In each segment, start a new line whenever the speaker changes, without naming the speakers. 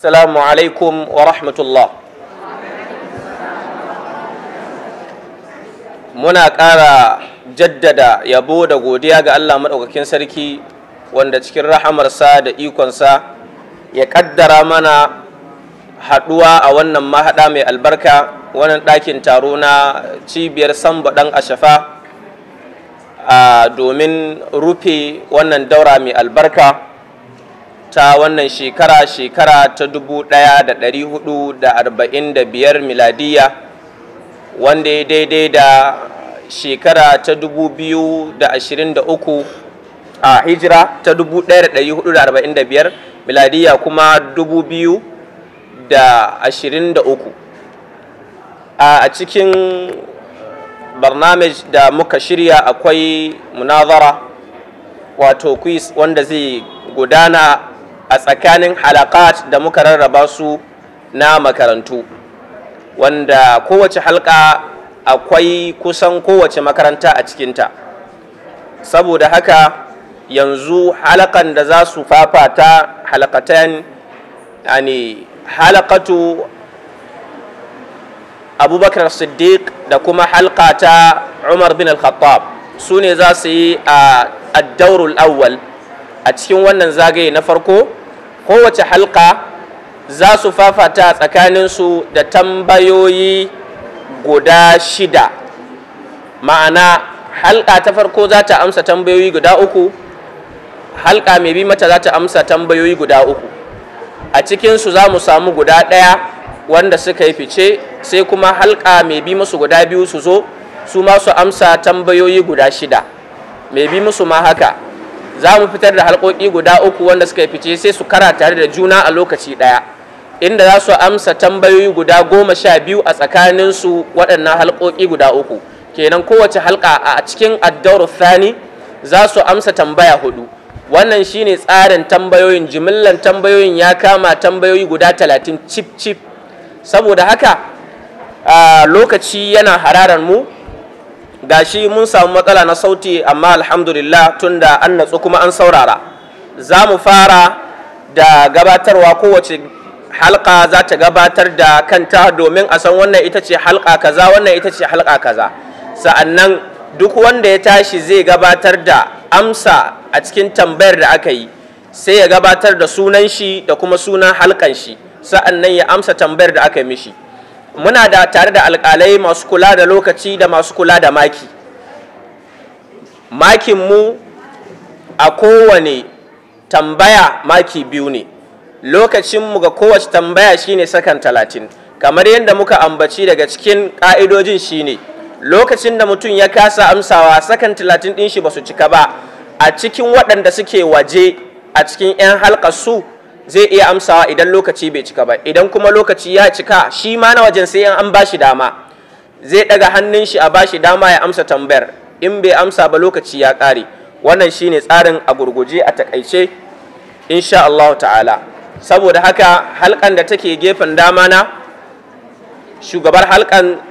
السلام عليكم muna ƙara jaddada yabo da godiya ga Allah maɗaukakin sarki wanda cikin rahamarsa da ikonsa ya ƙaddara mana haɗuwa a wannan mahaɗa mai albarka wannan ɗakin taro na cibiyar samba ɗan ashafa domin rufe wannan daura mai albarka ta wannan shekara shekara ta 1445 miladiya wanda ya daidai da shekara ta 2023 a hijira ta 1445 miladiya kuma 2023 a cikin barnamij da muka shirya akwai munazara wato quiz wanda zai gudana a tsakanin halakat da muka rarraba su na makarantu wanda kowace halka akwai kusan kowace makaranta a cikinta saboda haka yanzu halakan da za su fafata halakatan yani halakatu abubakar siddiq da kuma halka ta umar bin al su ne za su yi a addaurul awwal a cikin wannan zagaye na farko kowace halka za su fafata tsakaninsu da tambayoyi guda shida ma'ana halka ta farko za ta amsa tambayoyi guda uku halka mai bi mata za ta amsa tambayoyi guda uku a cikinsu za mu samu guda ɗaya wanda suka yi fice sai kuma halka mai bi musu guda biyu su zo su ma su amsa tambayoyi guda shida mai bi musu ma haka za mu fitar da halƙoƙi guda uku wanda suka fice sai su kara tare da juna a lokaci ɗaya inda za su amsa tambayoyi guda goma sha biyu a tsakaninsu waɗannan halƙoƙi guda uku kenan kowace halƙa a cikin addauru thani za su amsa tambaya hudu wannan shine tsarin tambayoyin jimillan tambayoyin ya kama tambayoyi guda talatin cif cif saboda haka lokaci yana hararar mu gashi mun samu matsala na sauti amma alhamdulillah tunda an natsu kuma an saurara za mu fara da gabatarwa kowace halka za ta gabatar da kanta domin a san wannan ita ce halka kaza wannan ita ce halka kaza sa'annan duk wanda ya tashi zai gabatar da amsa a cikin tambayar da aka yi sai ya gabatar da sunan shi da kuma sunan halkan shi sa'annan ya amsa tambayar da aka yi mishi muna da tare da alƙalai masu kula da lokaci da masu kula da maki makin mu a kowane tambaya maki biyu ne lokacinmu ga kowace tambaya shine sakan talatin kamar yadda muka ambaci daga cikin ƙa'idojin shine lokacin da mutum ya kasa amsawa sakan talatin ɗin shi ba su cika ba a cikin waɗanda suke waje a cikin 'yan halkar su zai iya amsawa idan lokaci bai cika ba idan kuma lokaci ya cika shi ma na wajen sai an bashi dama zai daga hannun shi a bashi dama ya amsa tambayar in bai amsa ba lokaci ya ƙare wannan shine tsarin a gurguje a takaice insha Allah ta'ala saboda haka halkan da take gefen dama na shugabar halkan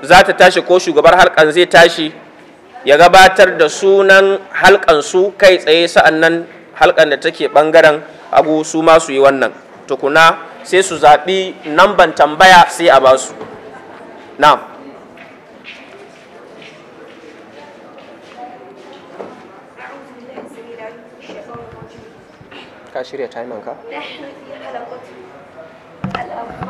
za ta tashi ko shugabar halkan zai tashi ya gabatar da sunan halkan su kai tsaye sa'annan halkan da take bangaren agu su ma su yi wannan tukuna sai su zaɓi namban tambaya sai a ba su na ka shirya ka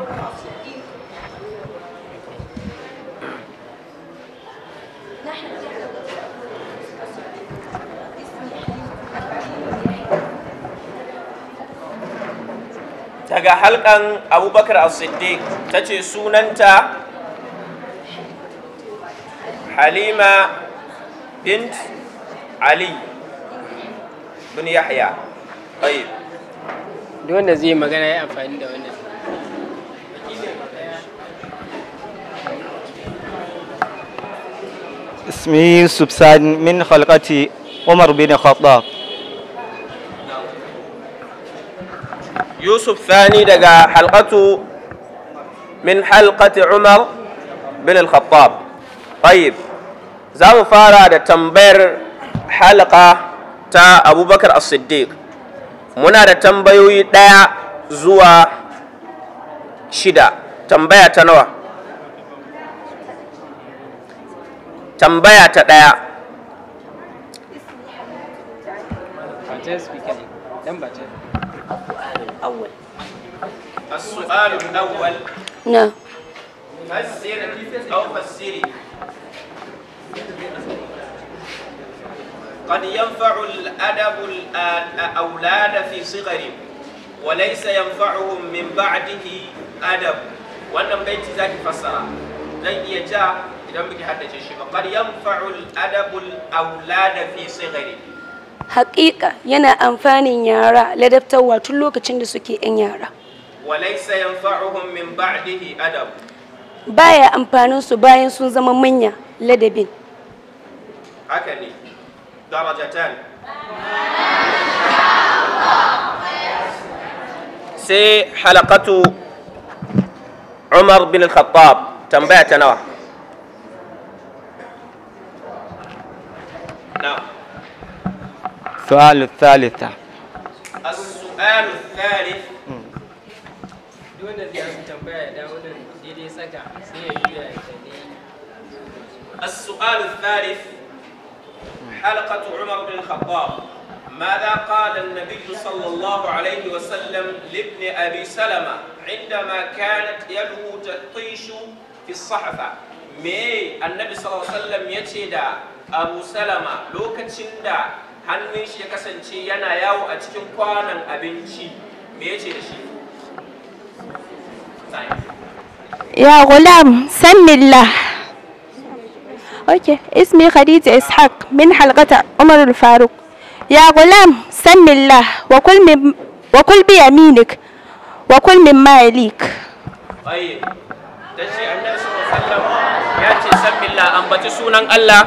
daga halkan abubakar as-siddiq ta ce sunanta halima bint ali bin yahya ɗayi duk wanda zai magana ya amfani da wannan اسمي سبسان من خلقتي عمر بن الخطاب yusuf thani daga halqatu min halqati umar bin al-khattab za mu fara da tambayar halqa ta abubakar as-siddiq muna da tambayoyi ɗaya zuwa shida tambaya ta nawa tambaya ta ɗaya السؤال الأول
نعم فسر
أو فسري قد ينفع الأدب الأولاد في صغرهم وليس ينفعهم من بعده أدب wannan baiti zaki fassara zan iya ja idan muke haddace shi ba qad yanfa'ul adabul aulada fi
haƙiƙa yana amfanin yara ladabtarwa tun lokacin da suke 'yan yara
وليس ينفعهم من بعده أدب
بايا أمبانوس وبايا سونزا مامينيا لدبين
هكذا درجتان سي حلقة عمر بن الخطاب تنبعتنا نعم السؤال الثالث السؤال الثالث السؤال الثالث حلقة عمر بن الخطاب ماذا قال النبي صلى الله عليه وسلم لابن أبي سلمة عندما كانت يلهو تطيش في الصحفة مي النبي صلى الله عليه وسلم يتدى أبو سلمة لو كتندى هنوش يكسنشي ينا ياو أتكن قوانا أبنشي مي شيء
يا غلام سم الله اوكي اسمي خديجة اسحاق من حلقة عمر الفاروق يا غلام سم الله وكل من وكل بيمينك وكل مما يليك
طيب تجي النبي صلى الله سم الله أنبت سونا الله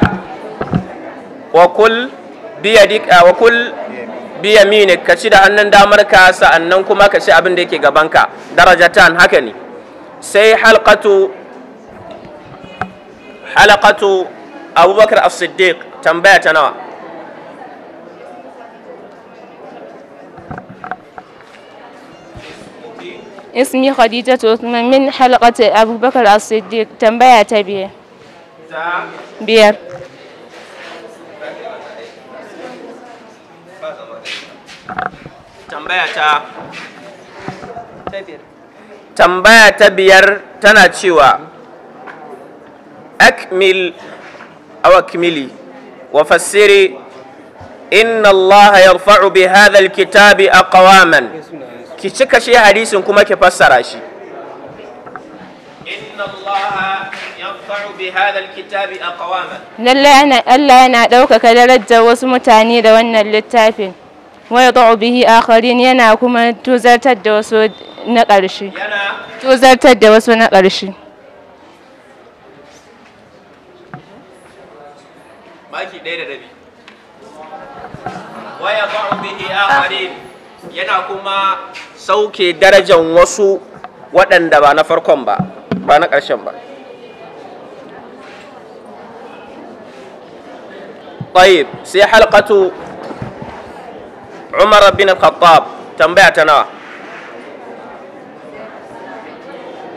وكل بيدك وكل biya yaminik ka ci da hannun damar ka sa'annan kuma ka ci abin da yake gabanka darajatan haka ne sai halqatu halaqatu abubakar as-siddiq tambaya ta nawa
اسمي خديجة عثمان من حلقة أبو بكر الصديق تنبيه تبيه بير
tambaya ta tambaya ta biyar tana cewa akmil aw wa fassiri inna Allah yarfa'u bi hadha alkitabi aqwaman ki cika shi hadisin kuma ki fassara shi inna Allah yarfa'u bi hadha alkitabi aqwaman
lalla Allah yana ɗaukaka darajar wasu mutane da wannan littafin waya da bihi akharin yana kuma tuzartar da wasu na ƙarshe tuzartar da wasu na ƙarshe
maki ɗaya da rabi waya yana kuma sauke darajan wasu waɗanda ba na farkon ba ba طيب sai حلقة عمر بن الخطاب تنبعتنا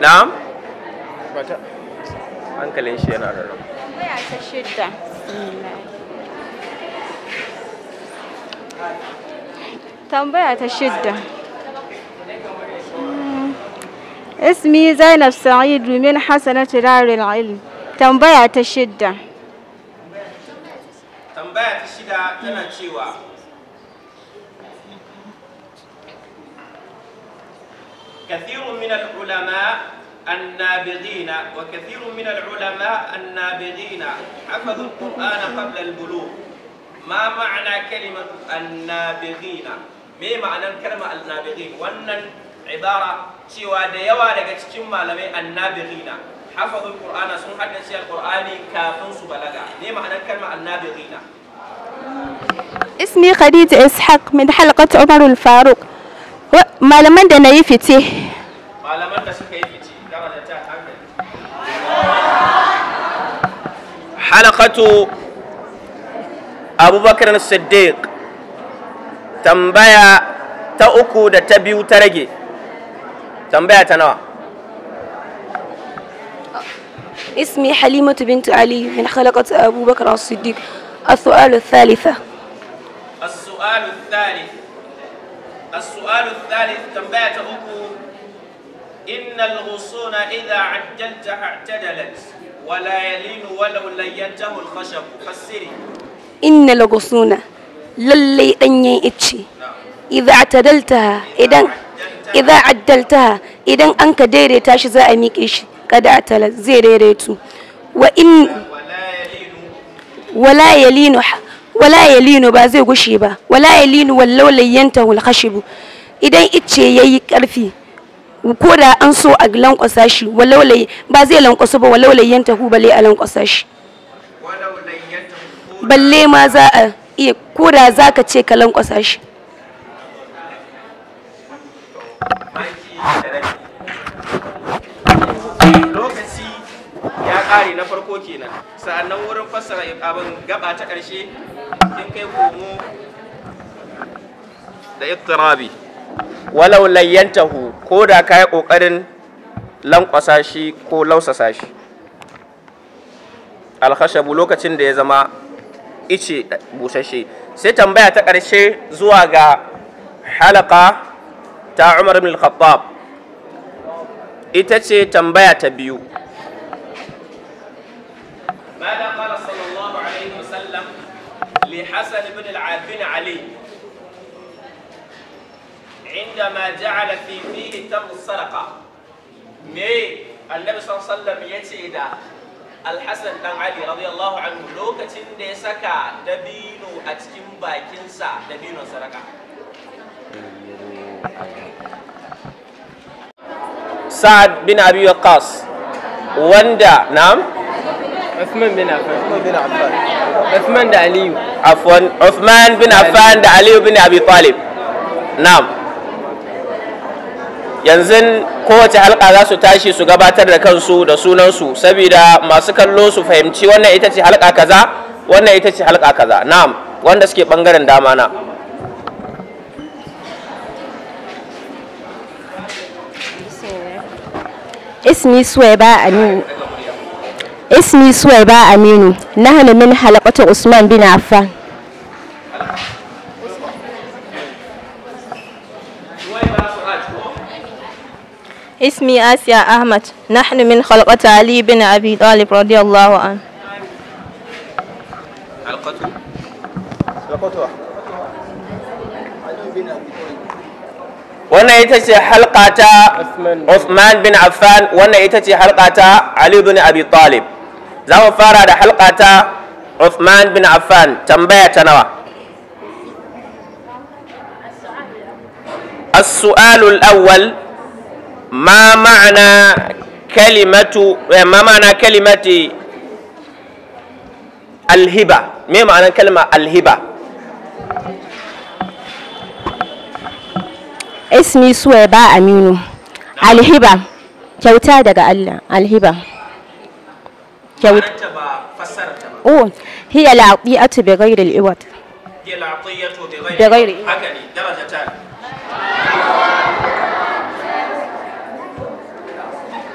نعم أنك لنشينا
تنبعت الشدة تنبعت الشدة اسمي زينب سعيد من حسنة رار العلم تنبعت الشدة
تنبعت الشدة تنبعت الشدة كثير من العلماء النابغين وكثير من العلماء النابغين حفظوا القرآن قبل البلوغ ما معنى كلمة النابغين ما معنى كلمة النابغين وأن عبارة سوى ديوا لكتشم لمي النابغين حفظوا القرآن سنة نسي القرآن كافن سبلغا ما معنى كلمة النابغين
اسمي خديجة إسحاق من حلقة عمر الفاروق malaman da nayi yi fice
malaman da suka yi fice gaba da ta hankali halakatu abubakar siddiq tambaya ta uku da ta biyu ta rage tambaya ta nawa
اسمي حليمة بنت علي من خلقة أبو بكر الصديق السؤال الثالثة
السؤال الثالث as-su'alu thalith tambaya ta uku innal ghusuna idha ajjalta i'tadalat wa la yalinu walau layyantahu al-khashab fasiri
innal ghusuna lalle danyen icce idha i'tadalta idan idha ajjalta idan an ka daidaita shi za a miƙe shi kada atalat zai daidaitu wa in wala wala lino ba zai gushe ba wala lino wallau layyanta hul khashibu idan icce yayi karfi ko da an so a lankwasa shi walau ba zai lankwasa ba walau layyanta hu balle a lankwasa shi balle ma za a iya ko da za ka ce ka lankwasa shi
ƙari na farko kenan sa'annan wurin fassara abin gaba ta ƙarshe in kai komo da ittirabi walau layyantahu ko da ka yi ƙoƙarin lankwasa shi ko lausasa shi alhashabu lokacin da ya zama ice busasshe sai tambaya ta ƙarshe zuwa ga halaka ta umar bin al-khattab ita ce tambaya ta biyu الحسن بن العافين علي عندما جعل في فيه تم السرقة مي النبي صلى الله عليه وسلم يتيدا الحسن بن علي رضي الله عنه لوكتين دي سكا دبينو أتكين باكينسا دبينو سرقة سعد بن أبي وقاص وندا نعم Uthman bin Affan. da Aliyu. Afwan bin Affan da Aliyu bin Abi Talib. Na'am. Yanzu kowace halka za su tashi su gabatar da kansu da sunansu saboda masu kallo su fahimci wannan ita ce halka kaza wannan ita ce halka kaza na'am wanda suke bangaren dama na
ismi suwaiba aminu اسمي سويبا أمين نحن من حلقة عثمان بن عفان اسمي آسيا أحمد نحن من خلقة علي بن أبي طالب رضي الله عنه
حلقة حلقة wannan ita ce halka ta Uthman bin Affan wannan ita ce halka ta za mu fara da halka ta Uthman bin Affan tambaya ta nawa. As-su'alul awwal ma ma'ana kalimatu eh, ma ma'ana kalimati alhiba me ma'anar kalma alhiba
ismi suwa ba aminu alhiba kyauta daga Allah alhiba كوت أوه هي العطية بغير الإيوات هي العطية بغير, بغير الإيوات
درجتان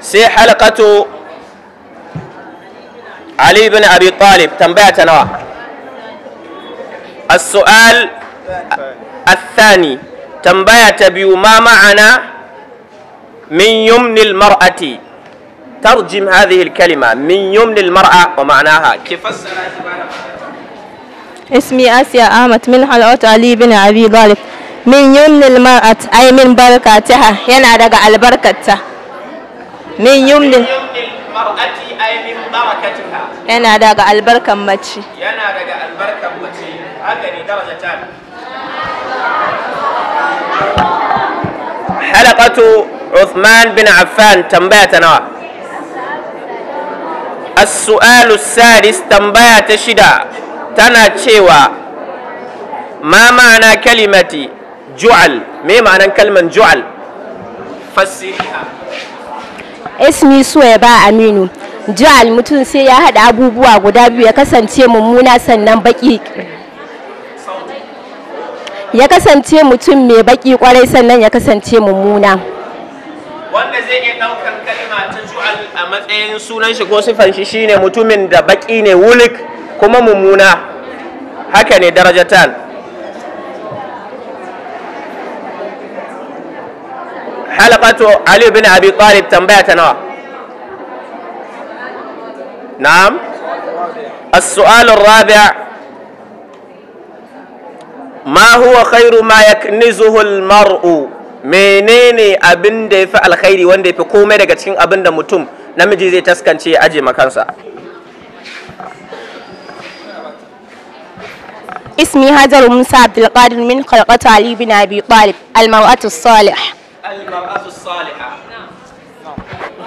سي حلقة علي بن أبي طالب تنبعتنا السؤال الثاني تنبعت بيو ما معنى من يمن المرأة ترجم هذه الكلمة من يمن المرأة ومعناها كيف
اسمي آسيا آمت من حلقة علي بن أبي طالب من يمن المرأة أي من بركاتها ينا دقى البركة من يمن
المرأة أي من بركتها
ينا دقى البركة مجي
ينا دقى البركة مجي هذه درجتان
حلقة
عثمان بن عفان تنبأت تنوى as-su'alu sadis tambaya ta shida tana cewa ma ma'ana kalimati ju'al me ma'anan kalman ju'al fassiriha
ismi ba aminu ju'al mutum sai ya hada abubuwa guda biyu ya kasance mummuna sannan baki ya kasance mutum mai baki kwarai sannan ya kasance mummuna
wanda zai iya matsayin sunan shi ko sifan shi shine mutumin da baki ne wulik kuma mummuna haka ne darajatan halakatu ali bin abi talib tambaya ta nawa na'am السؤال الرابع ما هو خير ما يكنزه المرء menene abin da ya fi alkhairi wanda ya fi komai daga cikin abin da mutum namiji zai taskance ya makansa.
ismi hajar musa abdulkadir min kalkata ali bin abi talib almaratu salih almaratu salih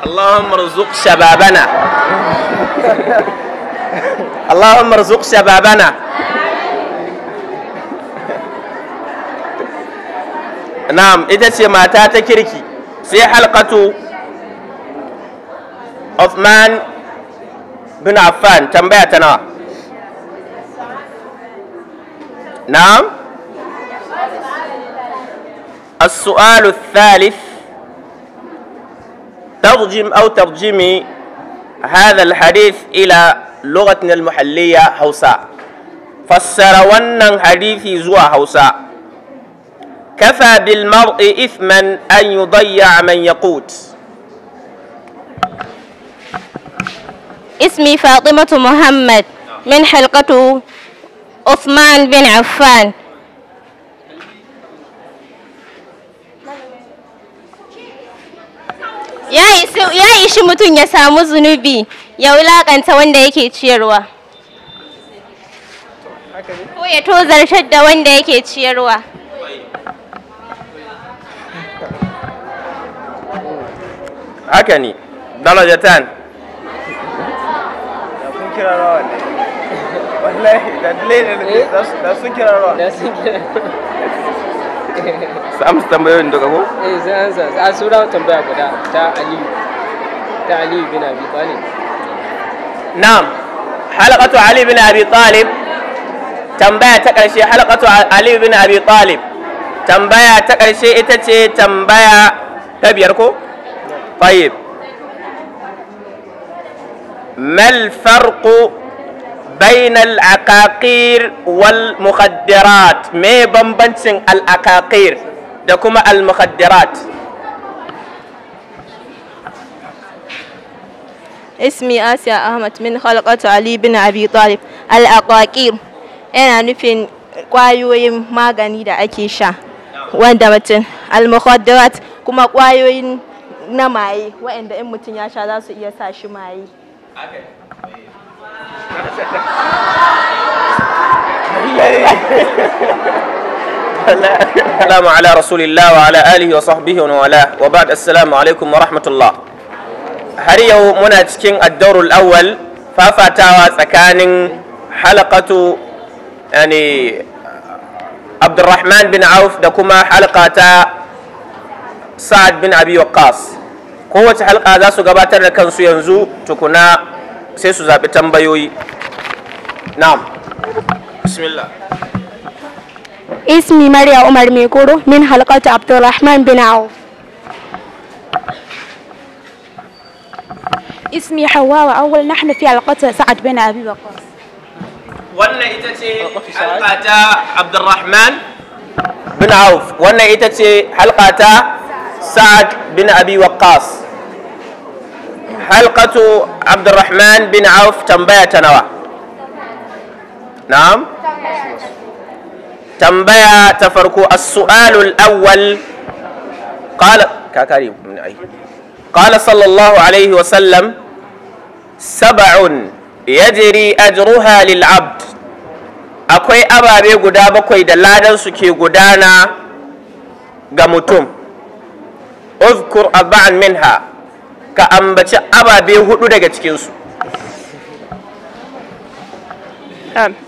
اللهم ارزق شبابنا اللهم ارزق شبابنا نعم اذا سمعت تكركي سي حلقته عثمان بن عفان tambaya ta نعم السؤال الثالث ترجم أو ترجمي هذا الحديث إلى لغتنا المحلية هوساء فسر حديث حديثي زوا هوساء كفى بالمرء إثما أن يضيع من يقوت
اسمي فاطمة محمد من حلقة عثمان بن عفان ya ishi mutum ya samu zunubi ya wulakanta wanda yake ciyarwa ko ya tozartar da wanda yake ciyarwa
haka ne darajatan kira rawa ne wallahi da ne da kira rawa da kira su tambayoyin daga ko eh zan an sa a ah, sura tambaya guda ta aliyu ta aliyu bin abi talib na'am halaqatu ali bin abi talib tambaya ta ali bin abi talib tambaya ta ƙarshe ita ce tambaya ta biyar ko ما الفرق بين العقاقير والمخدرات ما بمبنسن العقاقير da kuma المخدرات
اسمي آسيا أحمد من خلقة علي بن أبي طالب الأقاقير yana nufin ƙwayoyin magani da ake sha wanda mutum almukhaddarat kuma ƙwayoyi na maye waɗanda in mutum ya sha za su iya sa shi maye
السلام على رسول الله وعلى آله وصحبه ونوالاه وبعد السلام عليكم ورحمة الله هريو منتكين الدور الأول ففتاوى ثكان حلقة يعني عبد الرحمن بن عوف دكما حلقة سعد بن أبي وقاص kowace halka za su gabatar da kansu yanzu tukuna sai su zaɓi tambayoyi na'am bismillah
اسمي مريم عمر ميكورو من حلقة عبد الرحمن بن عوف
اسمي حواء وأول نحن في حلقة سعد بن أبي وقاص
wannan ita ce halka ta abdurrahman bin auf wannan ita ce halka ta sa'ad bin abi waqqas halkatu abdurrahman bin auf tambaya ta nawa na'am tambaya ta farko as-su'alul awwal qala kakari mun ai qala sallallahu alaihi wa sallam sab'un yajri ajruha lil abd akwai ababe guda bakwai da ladan su ke gudana ga mutum uzkur arba'an minha ka ambaci ababe hudu daga cikinsu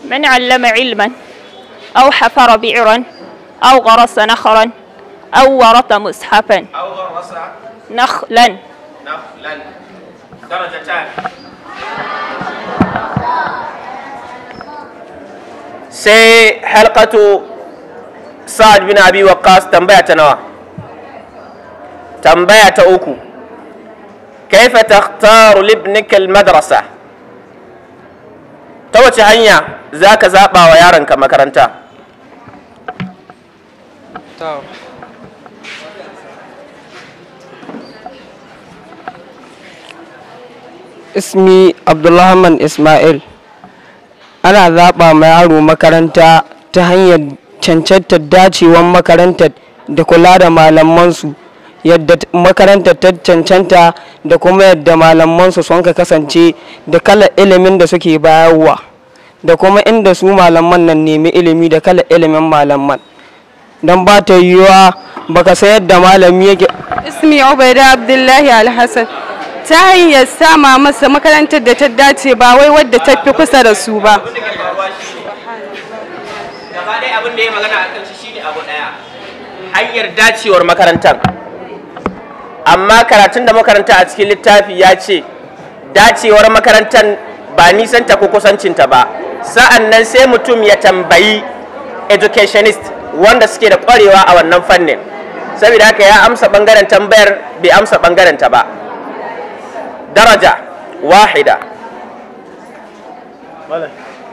من علم علما أو حفر بئرا أو غرس نخرا أو ورث مصحفا أو غرس نخلا نخلا
درجتان سي حلقة سعد بن أبي وقاص تنبيع تنوى تنبيع تأوكو kaifa takhtaru libnika almadrasa ta wace hanya zaka zaɓa wa yaronka makaranta ismi abdullahman ismail ana zaɓa ma yaro makaranta ta hanyar cancantar dacewan makarantar da kula da malamansu yadda makarantar ta cancanta da kuma yadda malamansu sun ka kasance da kala ilimin da suke bayarwa da kuma inda su malaman nan nemi ilimi da kala ilimin malaman don ba ta yiwuwa baka sai yadda malami yake
ismi ubaida abdullahi alhassan ta hanyar sama masa makarantar da ta dace ba wai wadda ta fi kusa da su ba gaba
dai abin da ya magana a kan shi shine abu daya hanyar dacewar makarantar amma karatun da makaranta a cikin littafi ya ce dacewar makarantar ba ta ko kusancinta ba sa'an nan sai mutum ya tambayi educationist wanda suke da kwarewa a wannan fannin saboda haka ya amsa bangaren tambayar bai amsa bangaren ta ba daraja wahida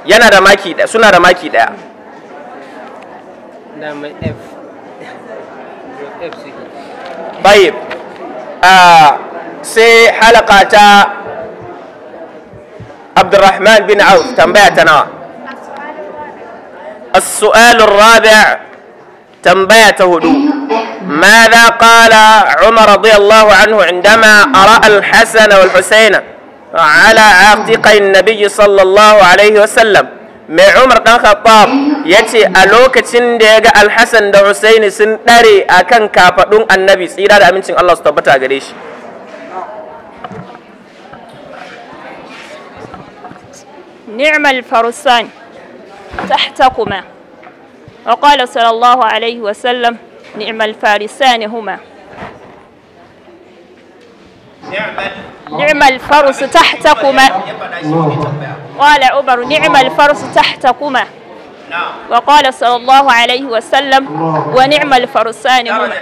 yana da maki da suna da maki daya na mai f f آه، سي حلقة ta abdurrahman bin auf tambaya السؤال الرابع تنبية ماذا قال عمر رضي الله عنه عندما أرى الحسن والحسين على عاتقي النبي صلى الله عليه وسلم mai umar dan khattab ya ce a lokacin da ya ga alhassan da husaini sun ɗare a kan kafaɗun annabi tsira da amincin allah su tabbata gare shi
ni'mal farusan kuma wa qala sallallahu alaihi wa sallam ni'mal farisan huma نعم الفرس تحتكما قال عمر نعم الفرس تحتكما وقال صلى الله عليه وسلم ونعم الفرسان هما نعم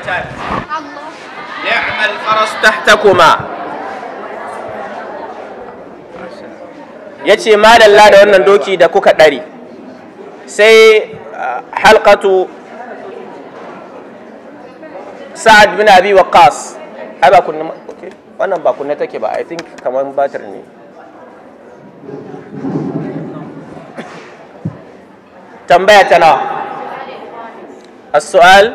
الفرس
تحتكما ya ce madalla da wannan doki da kuka ɗari sai halkatu sa'ad bin abi waqas ai ba wannan ba kunne take ba i think kamar batir ne tambaya ta nawa as-su'al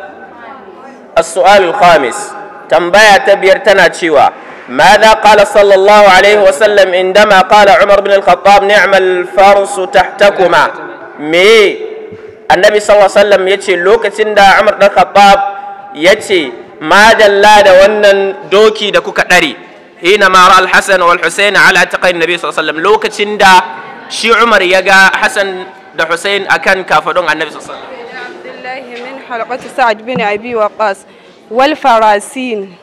as-su'al al-khamis tambaya ta biyar tana cewa ماذا قال صلى الله عليه وسلم عندما قال عمر بن الخطاب نعم الفرس تحتكما مي النبي صلى الله عليه وسلم يتي لوكتين دا عمر بن الخطاب يتي madalla da wannan doki da kuka ɗare ina mara al-hasan wal husain ala taqayn nabi sallallahu lokacin da shi umar ya ga hasan da husain akan kafaɗon annabi sallallahu
alaihi wasallam wal farasin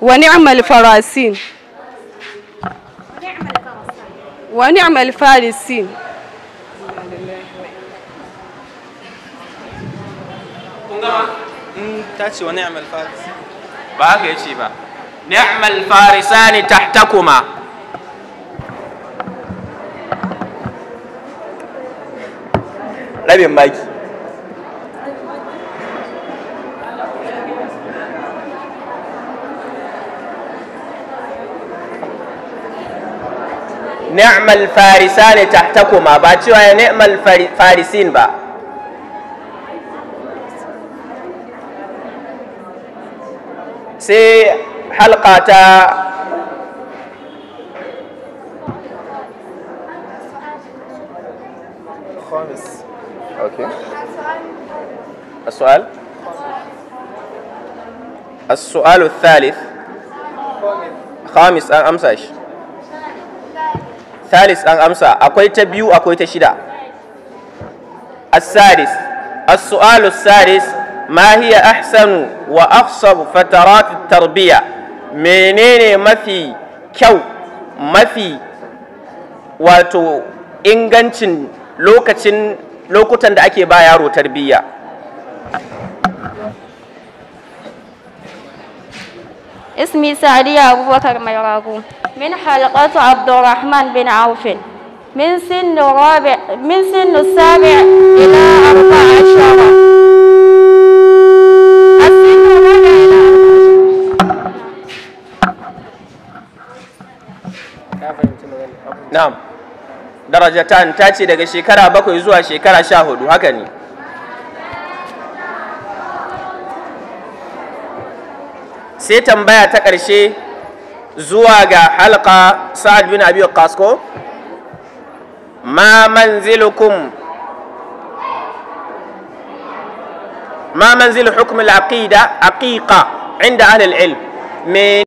wa ni'mal farasin wa ni'mal
kun gama ta ce ba haka ya ce ba farisani tahtakuma rabin maki ba cewa ya ni'mal farisin ba sai halka ta خامس اوكي السؤال السؤال الثالث خامس ان امساش ثالث ان امسا اكوي تبيو اكوي تشيدا السادس السؤال السادس ما هي أحسن وأخصب فترات التربية منين مثي كو مثي واتو إنغانشن لوكتن لوكتن داكي بايارو تربية
اسمي سعدية أبو بكر ميراغو من حلقات عبد الرحمن بن عوف من سن رابع من سن السابع
إلى أربع عشر
na'am darajatan ta ce daga shekara bakwai zuwa shekara sha hudu haka ne sai tambaya ta ƙarshe zuwa ga halka sa'ad bin abi kasko ma manzilukum
ma manzil hukm al-aqida aqiqa inda ahli
al-ilm